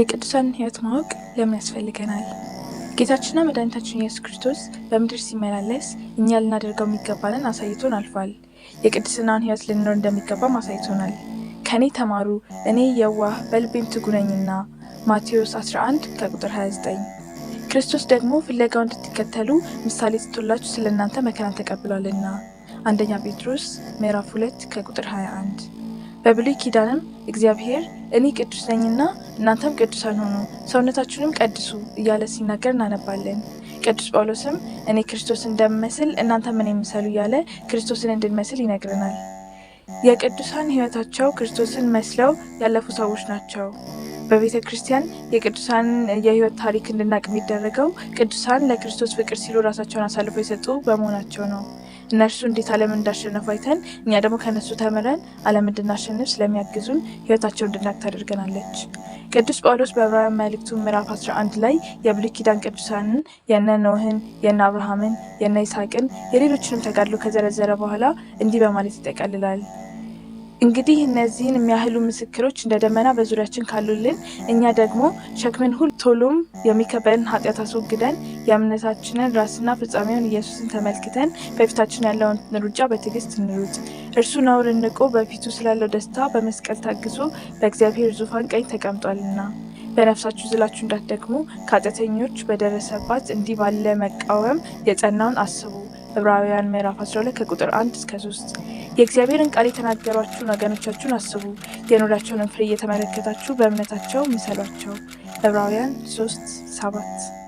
የቅዱሳንን ህይወት ማወቅ ለምን ያስፈልገናል? ጌታችንና መድኃኒታችን ኢየሱስ ክርስቶስ በምድር ሲመላለስ እኛ ልናደርገው የሚገባንን አሳይቶን አልፏል። የቅድስናን ህይወት ልንኖር እንደሚገባም አሳይቶናል። ከእኔ ተማሩ እኔ የዋህ በልቤም ትጉነኝና ማቴዎስ 11 ከቁጥር 29። ክርስቶስ ደግሞ ፍለጋው እንድትከተሉ ምሳሌ ስቶላችሁ ስለ እናንተ መከራን ተቀብሏልና አንደኛ ጴጥሮስ ምዕራፍ 2 ከቁጥር 21 በብሉይ ኪዳንም እግዚአብሔር እኔ ቅዱስ ነኝና እናንተም ቅዱሳን ሁኑ ሰውነታችሁንም ቀድሱ እያለ ሲናገር እናነባለን። ቅዱስ ጳውሎስም እኔ ክርስቶስ እንደምመስል እናንተም ምን ምሰሉ እያለ ክርስቶስን እንድንመስል ይነግረናል። የቅዱሳን ሕይወታቸው ክርስቶስን መስለው ያለፉ ሰዎች ናቸው። በቤተ ክርስቲያን የቅዱሳን የሕይወት ታሪክ እንድናቅ የሚደረገው ቅዱሳን ለክርስቶስ ፍቅር ሲሉ ራሳቸውን አሳልፈው የሰጡ በመሆናቸው ነው። እነሱ እንዴት ዓለም እንዳሸነፉ አይተን እኛ ደግሞ ከነሱ ተምረን ዓለም እንድናሸንፍ ስለሚያግዙን ህይወታቸው እንድናቅ ታደርገናለች። ቅዱስ ጳውሎስ በዕብራውያን መልእክቱ ምዕራፍ 11 ላይ የብሉይ ኪዳን ቅዱሳንን የነ ኖህን፣ የነ አብርሃምን፣ የነ ይስሐቅን የሌሎችንም ተጋድሎ ከዘረዘረ በኋላ እንዲህ በማለት ይጠቀልላል። እንግዲህ እነዚህን የሚያህሉ ምስክሮች እንደ ደመና በዙሪያችን ካሉልን እኛ ደግሞ ሸክምን ሁሉ ቶሎም የሚከበርን ኃጢአት አስወግደን የእምነታችንን ራስና ፍጻሜውን ኢየሱስን ተመልክተን በፊታችን ያለውን ሩጫ በትዕግስት እንሩጥ። እርሱ ነውር ንቆ በፊቱ ስላለው ደስታ በመስቀል ታግሶ በእግዚአብሔር ዙፋን ቀኝ ተቀምጧልና በነፍሳችሁ ዝላችሁ እንዳትደክሙ ከኃጢአተኞች በደረሰባት እንዲህ ባለ መቃወም የጸናውን አስቡ። ዕብራውያን ምዕራፍ 12 ከቁጥር 1 እስከ 3 የእግዚአብሔርን ቃል የተናገሯችሁን ወገኖቻችሁን አስቡ፣ የኑራቸውንም ፍሬ እየተመለከታችሁ በእምነታቸው ምሰሏቸው። ዕብራውያን 3 7